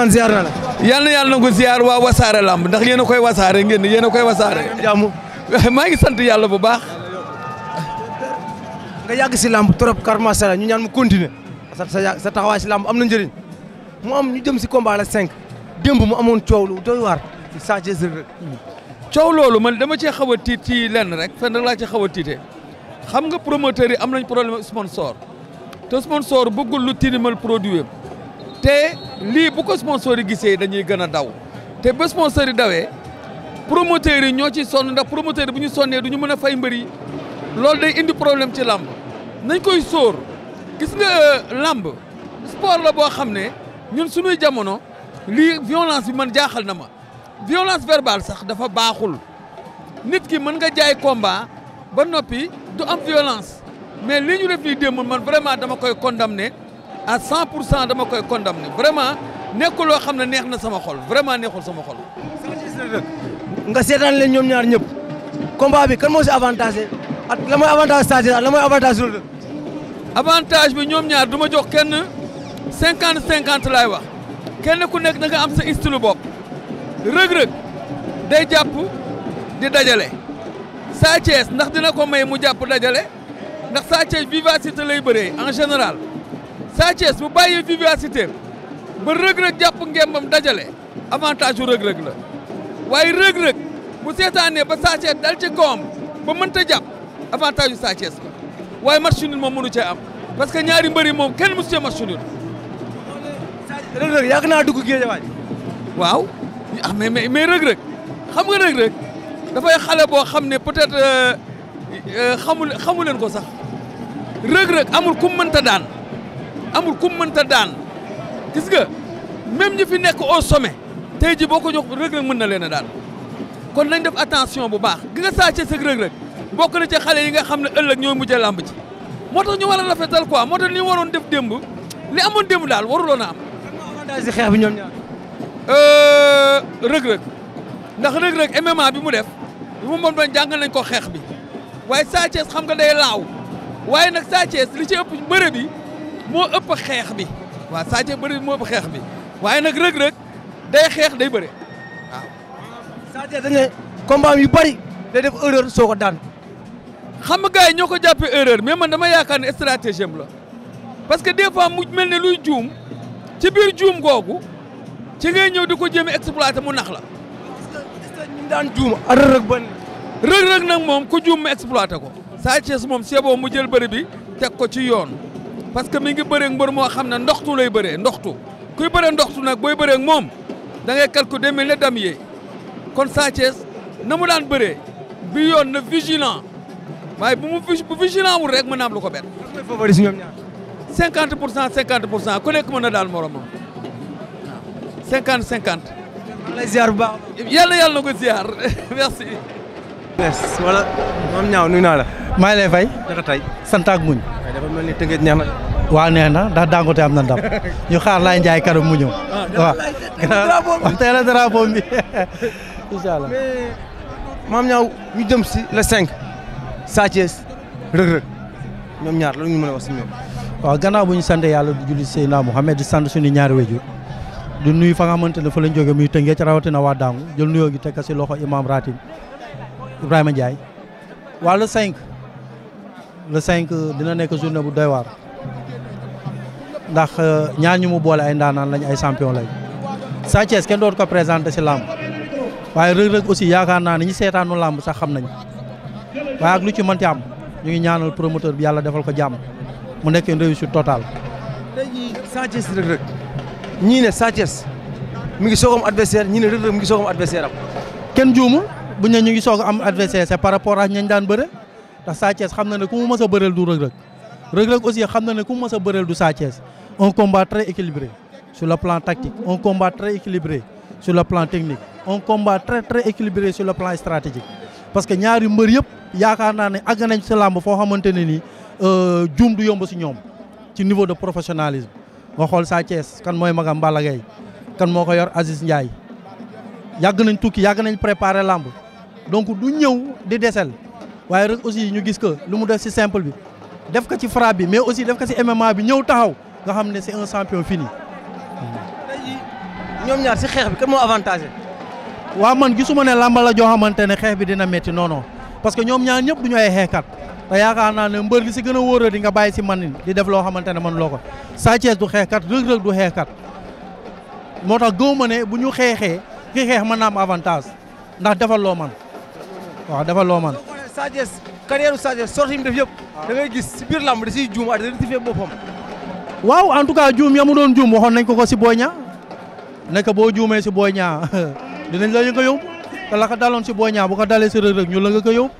man ziar na la yal na yàlla ko ziar waa wasaare lamb ndax yéen a koy wasaare ngeen yéen a koy wasaare jàmm maa ngi sant yàlla bu baax nga yàgg si lamb trop kar masala ñu ñaan mu sa sa taxawaay si lamb am na njëriñ mu am ñu jëm si combat la cinq démb mu amoon coow lu doy waar Sa Thiès Reug Reug coow loolu man dama cee xaw tiit ci lenn rek fenn laa ci xaw a tiitee xam nga promoteurs yi am nañ problème sponsor te sponsor bëggul lu tinimal produit te lii bu ko sponsor yi gisee dañuy gën a daw te ba sponsor yi dawee promoteurs yi ñoo ci sonn ndax promoteur bu ñu sonnee du ñu mën a fay mbër yi loolu day indi problème ci làmb nañ koy sóor gis nga euh, làmb sport la boo xam ne ñun suñuy jamono lii violence bi man jaaxal na ma violence verbale sax dafa baaxul nit ki mën nga jaay komba ba noppi du am violence mais lii ñu def nii démb man vraiment dama koy condamné à 100 pour cent dama koy condamné vraiment nekkul loo xam ne neex na sama xol vraiment neexul sama xol. nga seetaan leen ñoom ñaar ñëpp combat bi kan moo si avantage at la mooy avantage Sa ak la mooy avantage Reug Reug. avantage bi ñoom ñaar du ma jox kenn cinquante cinquante lay wax kenn ku nekk da nga am sa style bopp Reug Reug day jàpp di dajale Sa ndax dina ko may mu jàpp dajale ndax Sa Thiès vivacité lay bëree en général. Sa Thiès bu bàyyi vivacité ba rëg-rëg jàpp ngembam dajale avantage su rëg-rëg la waaye rëg-rëg bu seetaanee ba Sa Thiès dal ci kawam ba mënta jàpp avantage su Sa Thiès waaye match nul moom mënu cee am parce que ñaari mbëri moom kenn mësu cee match nul. rëg-rëg yàgg naa dugg géejawaay waaw ah mais mais mais rëg-rëg xam nga rëg-rëg dafay xale boo xam ne peut-être euh, euh, xamul xamu ko sax rëg-rëg amul ku mënta daan. amul ku mënta daan gis nga même ñi fi nekk o sommet tey ji boo ko jox Reug mën na leen a daan kon nañ def attention bu baax gi nga Sa Thiès ak bokk na ci xale yi nga xam ne ëllëg ñooy mujj làmb ci moo tax ñu war a rafetal quoi moo tax li ñu waroon def démb li amoon démb daal waruloon a am. avantage si xeex bi ñoom ñaar. Euh, Reug ndax Reug Reug MMA bi mu def li mu mën doon jàngal nañ ko xeex bi waaye Sa xam nga day laaw waaye nag Sa li ci ëpp bëre bi. moo ëpp xeex bi waa Sa Thiès bëri moo ëpp xeex bi waaye nag Reug Reug day xeex day bëre waaw. Sa Thiès dañ ne combat yu bëri day def erreur soo ko daan. xam nga gars yi ñoo ko jàppee erreur mais man dama yaakaar ne stratégie am la parce que des fois mu mel ne luy juum ci biir juum googu ci ngay ñëw di ko jéem a exploité mu nax la. ñu daan juum ak Reug Reug ban. moom ko juum mu exploité ko. Sa Thiès moom seeboo mu jël bëri bi teg ko ci yoon. parce que mi ngi bëreeg mbër moo na ne ndoxtu lay bëree ndoxtu kuy bëree ndoxtu nag booy bëree moom da ngay calcul demil ne dam yee kon Sa na mu daan bëree bi yoon na vigilant waaye bu mu bu vigilant wul rek mën na am lu ko pour cent 50 pour cent ku nekk mën na daan moromam waaw 50 50. lay ziar bu baax. yàlla merci. merci wala ñaaw nuyu naa la. maa ngi lay fay. tey sant ak muñ. waaye dafa mel na. daa neex am na ndam ñu xaar laay njaay kanam mu ñëw. Ah, waaw waaw tey la drapeau bi incha maam ñaaw ñu jëm si le 5. Sa Thiès rëg-rëg ñoom ñaar loolu ñu mën a wax si ñoom. gannaaw bu ñu sant yàlla di julli Seydina Mouhamed di sant suñu ñaari wéjur di nuyu fa nga xamante ne fa lañ jógee muy tëngeej rawatina waa Dangu jël nuyoo gi teg si loxo Imaam Ratim Ibrahima Ndiaye waa le 5 le 5 dina nekk journée bu doy waar ndax euh, ñaan ñu mu boole ay ndaanaan lañ ay champion lañ Sa Thiès kenn dootu ko présenté si làmb waaye Reug aussi yaakaar naa ne ñi seetaanu làmb sax xam nañ waaye ak lu ci mënti am ñu ngi ñaanal promoteur bi yàlla defal ko jàmm mu nekk une réussite totale. tey jii Sa Thiès Reug Reug ñii ne Sa Thiès ngi soog am adversaire ñii ne Reug ngi soog am kenn juumul. bu ñu ñu ngi soog am adversaire c'est par raport ak ñañ daan bëre ndax Sa xam na ne ku mu mës a bëreel du Reug Reug Reug Reug xam na ne ku mu mës a bëreel du Sa Thiès un combat très équilibré sur le plan tactique un combat très équilibré sur le plan technique un combat très très équilibré sur le plan stratégique parce que ñaari mbër yëpp yaakaar naa ne àgg nañ ci làmb foo xamante ne nii euh, juum du yomb si ñoom ci niveau de professionnalisme nga xool Sa kan mooy ma Balla kan moo ko yor Aziz Ndiaye yàgg nañ tukki yàgg nañ préparer làmb donc du ñëw di desel waaye rek aussi ñu gis que lu mu def si simple bi def ko ci frappe bi mais aussi def ko ci MMA bi ñëw taxaw nga xam ne c'est un champion fini. ñoom ñaar si xeex bi kan moo avantage. waa man gisuma ne làmba la joo xamante ne xeex bi dina metti non non parce que ñoom ñaar ñëpp du ñu ay xeexkat te yaakaar naa ne mbër li si gën a wóor di nga bàyyi si man di def loo xamante ne man loo ko Sa Thiès du xeexkat Reug Reug du xeexkat moo tax gëw ma ne bu ñu xeexee xeex mën na am avantage ndax defal loo man waaw dafa loo man Sa Thiès carrière Sa Thiès sorti mu def yëpp da ngay gis si biir làmb da siy juum ak waaw en juum ya juum waxoon nañ ko ko si Boy Niang boo juumee si Boy Niang dinañ la yëngu yóbbu te la ko daloon si Boy Niang bu ko dalee si Reug Reug ko yóbbu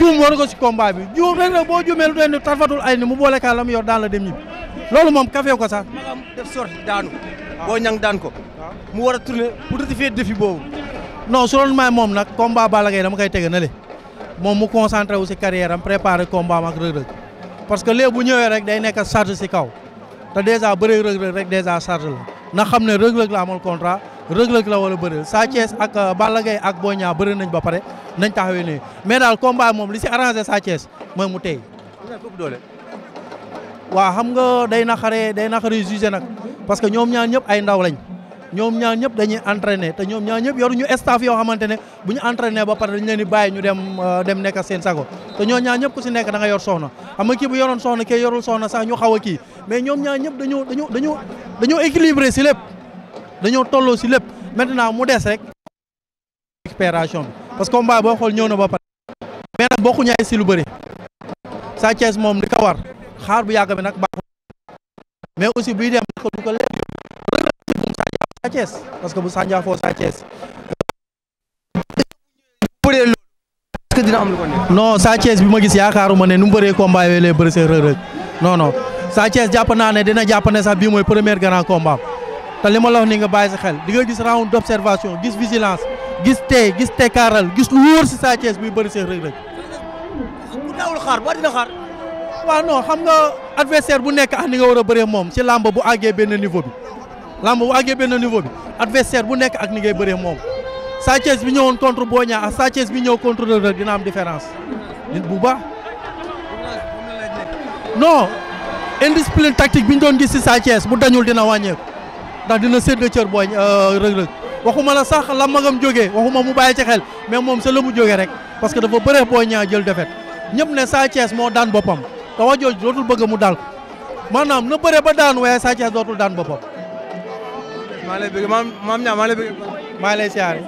juum war ko si combat bi juum Reug boo juumee lu doon tarfatul ay ni mu boole kaa la mu yor daan la dem ñibbi loolu moom kafee ko sax. maanaam def daan ko. mu war a tourner pour rectifier boobu. non su doon moom nag combat Balla Gaye dama koy tege na moom mu concentré wu si carrière am préparé combat am ak Reug Reug parce que léegi bu ñëwee rek day nekk charge si kaw te dèjà bëree Reug Reug rek dèjà charge la na xam ne Reug Reug la amal contrat Reug Reug la wala bëri Sa Thiès ak euh, Balla Gaye ak Boy Niang bëri nañ ba pare nañ taxawee nii mais daal combat moom li si arrangé Sa Thiès mooy mu tey. waa xam nga day naxaree day naxaree jugé nag parce que ñoom ñaar ñëpp ay ndaw lañ. ñoom ñaar ñëpp dañuy entraîné te ñoom ñaar ñëpp yoruñu staff yoo xamante ne bu ñu entraîné ba pare dañu leen di bàyyi ñu dem euh, dem nekk seen sago te ñoom ñaar ñëpp ku si nekk danga nga yor soxna xam nga kii bu yoroon soxna kii yorul soxna sax ñu xaw a kii mais ñoom ñaar ñëpp dañoo dañoo dañoo dañoo équilibré si lépp dañoo tolloo si lépp maintenant mu des rek récupération parce que combat boo xool ñëw na ba pare mais nag si lu bëri Sa Thiès moom li xaar bu yàgg bi nag baaxul mais aussi buy dem ko Sa Thiès parce que bu sànjaafoo Sa Thiès bëree loolu dina am lu ko nekk non bi ma gis yaakaaruma ne nu mu bëree combat yooyu lay bëri seen rëg-rëg non non Sa jàpp naa ne dina jàpp ne sax bii mooy premier grand combat te li ma la wax ni nga bàyyi sa xel di nga gis round d'observation gis vigilance gis tey gis tekkaaral gis lu wóor si Sa Thiès buy bëri seen rëg-rëg bu daawul xaar ba dina xaar waaw non xam nga adversaire bu nekk ak ni nga war a bëree moom si làmb bu àggee benn niveau bi lamb bu àggee benn niveau bi adversaire bu nekk ak ni ngay bëree moom Sa bi ñëwoon contre Boy Niang ak Sa bi ñëw contre Reug Reug dina am différence bu baax non indiscipline tactique bi ñu doon gis ci bu dañul dina wàññeeku ndax dina sédd cër Boy euh, Reug Reug waxuma la sax la magam jógee waxuma mu bàyyi ci xel mais moom sa la mu jógee rek parce que dafa bëre Boy Niang jël defet ñëpp ne Sa moo daan boppam te wax dootul bëgg mu daal ko maanaam na bëree ba daan waaye Sa Thiès daan boppam maa lay bëgg maam maam ñaa maa lay bëgg maa lay siyaare